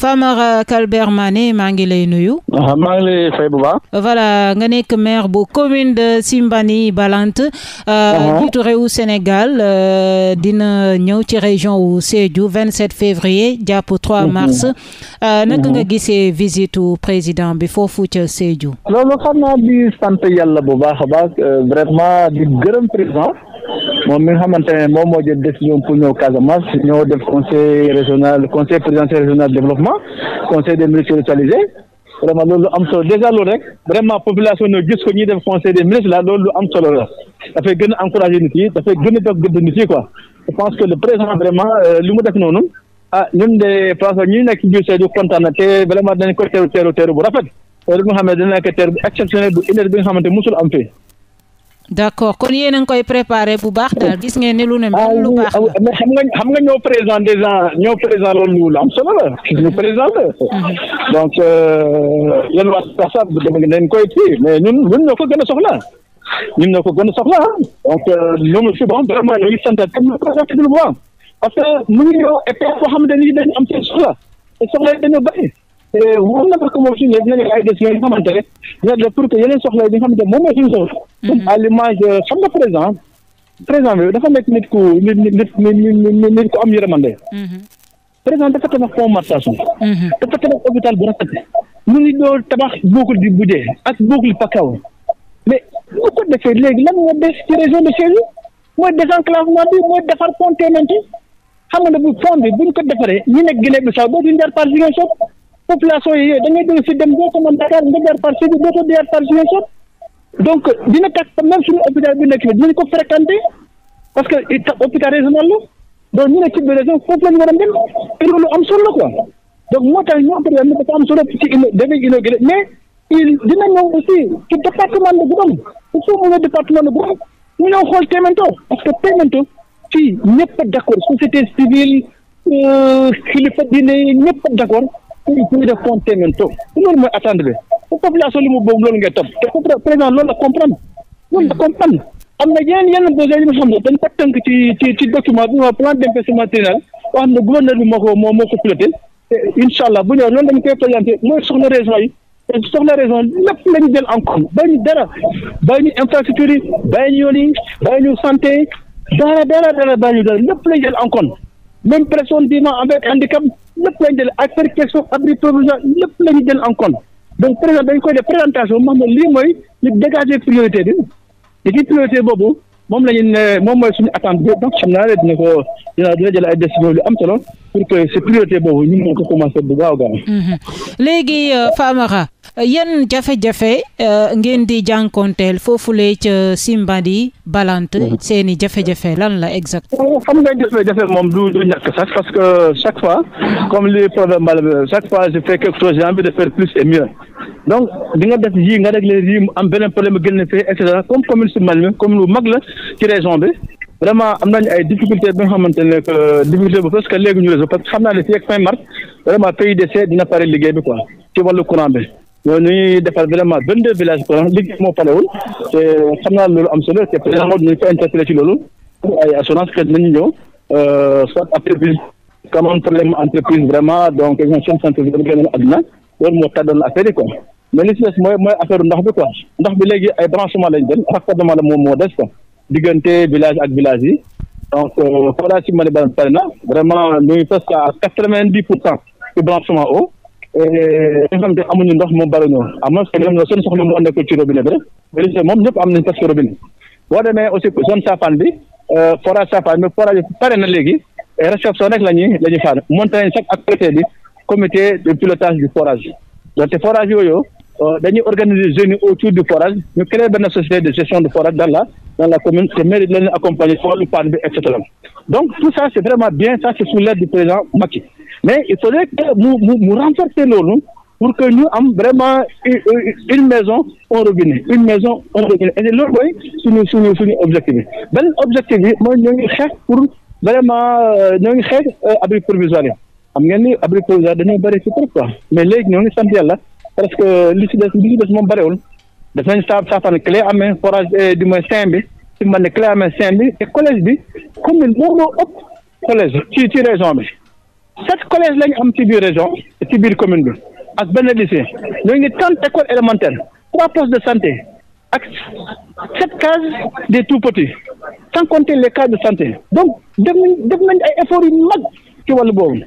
Famara Kalbert Mané maa ngi lay nuyu. Ah, maa ngi lay fay bu voilà nga nekk maire bu commune de Simbani Balante. Euh, uh-huh. njiitu réewu Sénégal euh, dina ñëw ci région wu Sédhiou 27 février jàpp 3 uh-huh. mars. Euh, naka nga uh-huh. gisee visite président bi foofu ca Sédhiou. loolu xam naa di sant yàlla bu baax a baax di gërëm président. moom mi nga xamante ne moom moo de décision pour ñëw Casamance ñoo def conseil régional conseil présidentiel régional développement conseil des ministres localisé déjà loolu rek vraiment population no gis ko ñuy def conseil des ministres la loolu lu am solo la dafay gën a encourager nit yi dafay gën a jox gëdd nit yi quoi je pense que le président vraiment euh, li mu def noonu ah ñun de place ñu nekk biir Sédhiou kontaan na te vraiment dañ ko teeru teeru teeru bu rafet loolu nekk teeru bu xamante musul am d' accord kon yéen a koy préparé bu baax daal gis ngeen ni lu ne mel ah, xam nga xam nga ñoo présent déjà ñoo présent loolu lu am solo la ñu présent la mhm. donc euh, yéen waa Passab dama leen koy ko gën a soxla ñun ñoo ko gën a soxla ah. donc ñoom si bon vraiment ñu ngi sant comme ñu ko waxee parce que mu ngi ñëw époque boo xam ne dañuy dañ am seen soxla te soxla yi moom la parce que moom suñu dina nekk ay décisions yi nga xamante ne dina def pour que yeneen soxla yi nga xamante ne moom mooy suñu soxla. Mhm. comme à l'image euh, xam nga président président bi dafa nekk nit ku nit nit nit nit ku am yërmande. Mhm. président dafa tabax pont Marsassoum. Mhm. dafa tabax hôpital bu rafet. ñu ngi doon tabax boucle du Budé ak boucle Pakao mais bu ko defee léegi lan moo des ci région de Sédhiou mooy désenclavement bi mooy defar pont Téeméenti xam nga ne bu pont bi buñ ko defaree ñu nekk Guinée Bissau dootuñu jaar par Ziguinchor. population yi yooyu da ngay jël si dem doo ko mën nga jaar par Sédhiou doo ko jaar par Ziguinchor donc dina tax même suñu hôpital bi nekk fi dinañ ko fréquenté parce que hôpital régional la donc ñu ne ci biir région foofu la ñu war a dem te moo tax ni dafa am solo dina ñëw aussi ci département de Goudomp il faut mu ñëw département de Goudomp ñu ñëw xool Témento parce que Témento fii ñëpp d'accord société civile euh, kilifa diine ñëpp kuy kuy def compté ngeen toog loolu mooy attendre bu population li mu boobu loolu ngay topp te président la comprendre loolu la comprendre am na yeneen yeneen besoin yi nga xam ne dañ ko tënk ci ci ci document bi ma plan d'investissement triennal wax moo ko moo ko piloté te incha allah bu ñëwee loolu koy présenté mooy soxla région yi te soxla région lépp la ñu jël en compte bàyyi ñu dara bàyyi ñu infrastructure yi bàyyi ñu yoon yi bàyyi ñu santé dara dara dara dara lépp lépp lañ jël affaire question abri provisoire lépp la ñu jël en compte donc présent dañ koy def présentation moom mooy lii mooy ñu dégager priorité bi te ci priorité boobu moom la ne moom mooy suñu attente donc xam naa ne dina ko dina dina jël ay décision lu am solo pour que si priorité boobu ñu mën ko commencer bu gaaw mmh. léegi euh, Famara. yan jafe-jafe euh, ngeen di jànkonteel foofulee ca Simbandi Balante mm-hmm. seen i jafe-jafe lan la exact oh, xam nga jafe-jafe moom du du sax parce que chaque fois comme li problème bala chaque fois je fais quelque chose j'ai envie de faire plus et mieux donc di nga def yii nga régler yii am beneen problème gën na fee et cetera comme commune si Malmi comme lu mag la ci région bi vraiment am nañu ay difficultés bi nga xamante ne difficulté bu parce que xam naa ne fii ak fin mars vraiment PUDC dina pare liggéey bi quoi ci wàllu courant bi. ñooñu ñuy defar vraiment vingt de villages par liggéey moo parewul te xam naa loolu am solo te président Wade ñu ko interpellé ci loolu ay assurance xëy nañu ñëw euh, soit après bi kamoon problème entreprise vraiment donc émission centrale bi gën a àdduna loolu moo tàddoon affaire yi quoi mais li ci ndox bi quoi ndox bi léegi ay branchement lañ dem raccordement la moo des quoi diggante village ak village yi donc forage euh, si Mali ba pare na vraiment ñu ngi presque à quatre vingt dix pour cent ci branchement eau nga xam te amuñu ndox moom bari ñoo am na seen ñoom seen soxla moo nekk ci robinet bi rek mais li moom ñëpp am nañ parce que robinet boo demee aussi zone Safaan euh, bi forage Safaan bi forage pare na léegi réception rek la ñuy la ñuy xaar monté nañ chaque activité bi comité de pilotage du forage donc forage yooyu euh, dañuy organiser jeunes autour du forage ñu créé benn société de gestion du forage dans la dans la commune te mairie leen accompagner ci wàllu panne bi et cetera donc tout ça c' c' est sous l'aide du président Macky mais il faudrait que mu mu mu renforcer loolu pour que ñu am vraiment une maison un robinet une maison un robinet et loolu mooy suñu suñu suñu objectif bi beneen objectif bi mooy ñoo ngi xeex pour vraiment euh, ñoo ngi xeex euh, abri provisoire yi xam ngeen ni abri provisoire dañoo bëri ci trop quoi mais léegi ñoo ngi sant yàlla parce que li ci des li ci des moom bëriwul def nañ saa saafara clé amee forage euh, du moins sain bi su ma ne clé amee sain bi te collège bi commune moom moo ëpp collège ci ci région bi. sept collège lañu am ci biir région ci biir commune bi ak benn lycée ñoo ngi trente écoles élémentaires trois postes de santé ak sept cases des tout petits sans compter les cases de santé donc def nañ nañ ay efforts yu mag ci wàllu boobu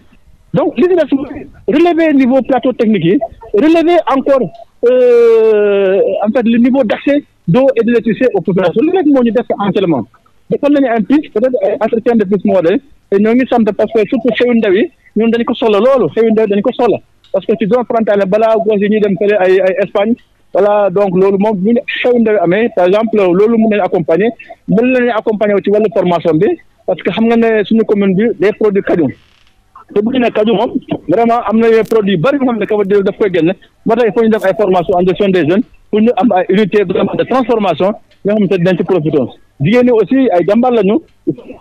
donc li ci des relever niveau plateau technique yi relever encore euh, en fait le niveau d' accès d' eau et d' électricité aux populations loolu rek moo ñu def en defal nañu un piste peut être ay entretien de piste moo de ñoo ngi sant parce que surtout xewu ndaw yi ñun dañ ko soxla loolu xewu ndaw yi ko soxla parce que ci zone frontalière balaa gos yi ñuy dem fële ay ay Espagne voilà donc loolu moom bu ñu xewu ndaw amee par exemple loolu mun nañu accompagner mun nañu accompagner ci wàllu formation bi parce xam ne produits kaju te bu ñu ne kaju moom vraiment am na produit bari yoo xam koy génne moo tax il faut ñu def ay formation en gestion des jeunes pour ñu am ay unité vraiment jigéen ñi aussi ay jàmbaar lañu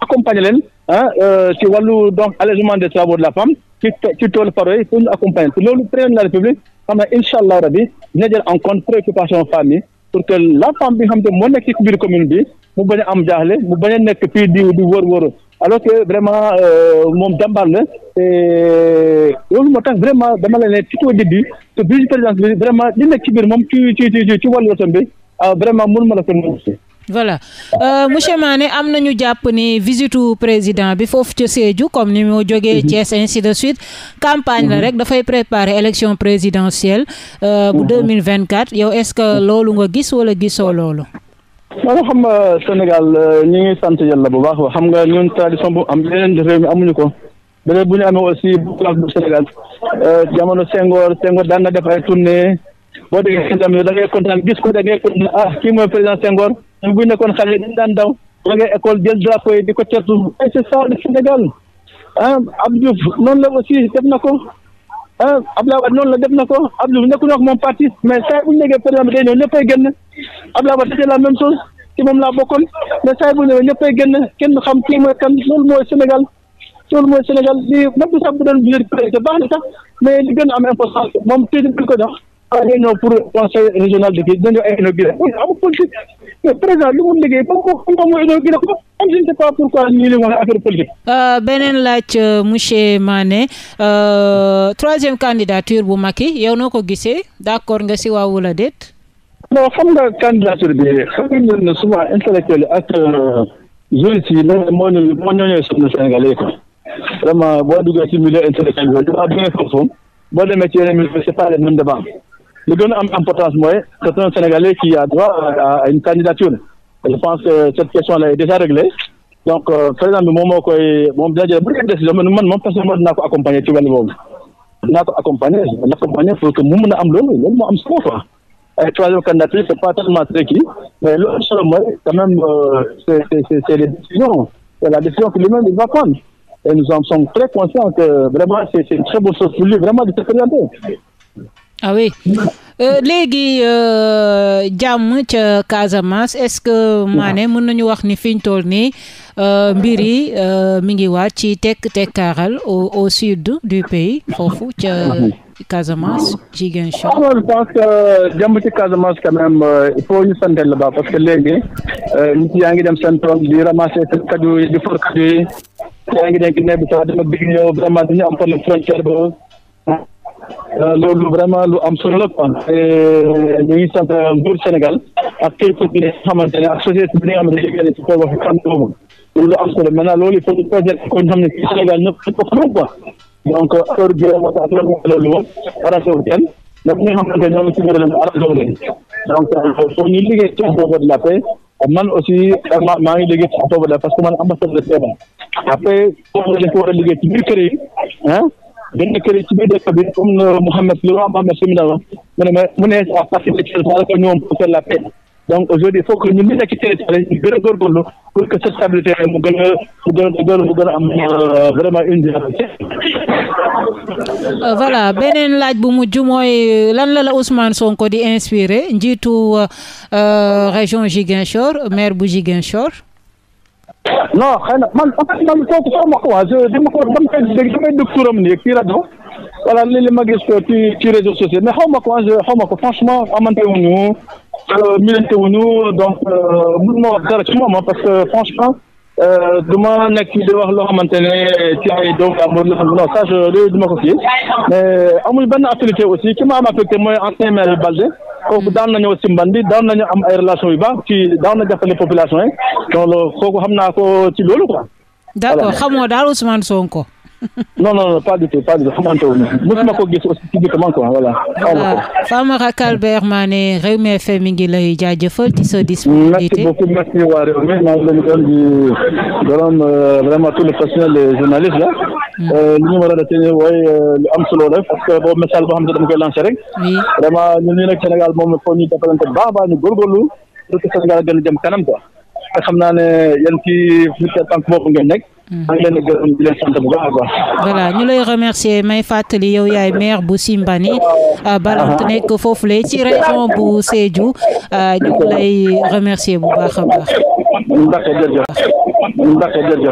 accompagner leen ah euh, ci wàllu donc allègement des travaux de la femme ci ci toolu faro yi pour ñu accompagner te loolu président de la république xam ne incha allah rabi dina jël en compte préoccupation femmes yi pour que la femme bi nga xam te moo nekk ci biir commune bi mu bañ am jaaxle mu bañ a nekk fii di di wóor wóor alors que vraiment euh, moom jàmbaar la te loolu moo tax vraiment dama la ne tout au début te biir présidence bi vraiment li nekk ci biir moom ci ci ci ci wàllu wotam bi ah, vraiment mënu ma la voilà euh, monsieur Mané am na ñu jàpp ni visite président bi foofu ca Sédhiou comme ni mu jógee mhm. Thiès ainsi de suite campagne la mhm. rek dafay préparer élection présidentielle euh, bu 2024 mhm. yow est-ce que loolu nga gis wala gisoo loolu maanaam xam nga Sénégal euh, ñu ngi sant yàlla bu baax xam nga ñun tradition bu am yeneen réew mi amuñu ko beneen bu ñu amee aussi bu classe Sénégal jamono Senghor Senghor daan def ay tournée boo déggee da ngay kontaan gis ko da ngay kontaan ah kii ñun bu ñu nekkoon xale dañ daan daw ma nga école jël drapeau yi di ko e ay c'est ça le Sénégal ah Abdou Diouf noonu la aussi def na ko ah Abdoulaye Wade noonu la def na ko Abdou Diouf nekkul woon moom parti mais saa bu ñu nekkee par exemple day ñëw ñëppay génn Abdoulaye Wade c'était la même chose ci moom laa bokkoon mais saa bu ñu ñëwee ñëppay génn kenn xam kii mooy kan loolu mooy Sénégal loolu mooy Sénégal lii même sax bu doon biir président baax na sax mais li gën a am importance moom tey jii ko jox. waaw ñoo pour conseil régional de kii dinañu ay inauguré amul politique. mais président li mu liggéey ba mu xam nga mooy gën a ko am je ne sais pas pourquoi ñu ne wala affaire politique. Euh, beneen laaj euh, monsieur Mané euh, troisième candidature bu Macky yow noo ko gisee d'accord nga si waaw wala déet. non xam nga candidature bi xam nga ñun ne souvent intellectuel ak jeunes yi moo moo moo ñooñu sonn Sénégalais quoi vraiment boo duggee ci milieu intellectuel bi dafa am benn fonction boo demee ci yeneen milieu c'est pas le même débat li gën a am importance mooy c'est un Sénégalais qui a droit à une candidature je pense que cette question là est déjà réglée donc euh, président bi moom moo koy moom dina jël bu dee décision man man moom personnellement dinaa ko accompagner ci wàllu boobu dinaa ko accompagner accompagner pour que mu mën a am loolu loolu moo am solo quoi ay troisième candidature c'est pas tellement tricky mais loolu am solo mooy quand même euh, c'est c'est c'est les décisions c'est la décision que lui-même il va prendre et nous en sommes très conscients que vraiment c'est c'est une très bonne chose pour lui vraiment de se présenter ah oui euh, léegi euh, jàmm ca Casamance est-ce que mën nañu wax ni fi ñu toll nii euh, mbir yi mi ngi waat ci tekk tekkaaral au au sud du pays foofu ca Casamance Ziguinchor. waaw ah, je pense que jàmm ci Casamance quand même il faut ñu santel la ba parce que léegi nit yaa ngi dem seen di ramasser seen kaddu yi di for kaddu yi yaa ngi nekk ne bi sax dama bëgg ñëw vraiment dañu am Euh, loolu vraiment lu am solo la quoi euh, ñu ngi sant nguur Sénégal ak képp bi nga xamante ne ak société bi nga xamante ne jógee na loolu lu am solo loolu il faut ñu ko ñu xam ne ci Sénégal ñëpp ñëpp ko xam quoi donc euh, affaire bi moo loolu mooy loolu moom arrangewul kenn ndax ñi nga xamante ne ñoo ngi ci biir lañu arrangewul leen donc foo ñu la paix man aussi ma maa ngi liggéey ci la parce man ambassadeur de paix après boobu dañ ko war a benn kër ci biir dëkk bi mu mu ma mu ne à partir de territoire que ñoom pour la paix donc aujourd'hui il faut que ñun ñu a góorgóorlu pour que mu gën a gën a mu gën a am euh, vraiment euh, voilà beneen laaj bu mujj mooy lan la la Ousmane Sonko di inspiré njiitu euh, région Ziguinchor maire bu Ziguinchor. non xëy na man en fait man kooku sax ma ko wax dama ko dama koy dégg damay dégg turam nii ci rajo voilà li li ma gis euh, ci ci réseaux sociaux mais xaw ma ko ah xaw ma ko franchement amante wuñu euh, milante wuñu donc euh, mun ma wax dara ci moom parce que franchement du ma nekk di wax loo xamante ne ci ay doomu amour la non ça je loolu du ma ko kii mais amul benn affecté aussi ki ma am affecté mooy ancien maire Balde. kooku hmm. daan nañoo simbandi daan nañu am ay relation yu baax ci daan na jàppale population yi loolu kooku xam naa ko ci loolu quoi. d'accord xamoo daal Ousmane Sonko. non non pas du tout pas du tout xamante wu mosuma ko gis aussi physiquement quoi voilà. voilà Famara Kalbert Mané Rewmi FM mi ngi lay jaajëfal ci sa disponibilité. merci beaucoup merci waa Rewmi maa ngi leen di gërëm euh, vraiment tout le personnel les journalistes là. Hmm. Euh, li ñu war a retenir mooy euh, lu am solo rek parce que boobu message boo xam ne dama koy lancer rek. vraiment ñun ñu nekk Sénégal moom foo ñu jàppalante baax a baax ñu góorgóorlu pour que Sénégal gën a jëm kanam quoi. te xam naa ne yéen ci fii ci tànk Mm. maa a baax. ñu lay remercier may fàttali yow yaay maire bu Simbani ah, Balante ah. nekk foofule ci région bu Sédhiou ah, ñu lay remercier bu baax baax.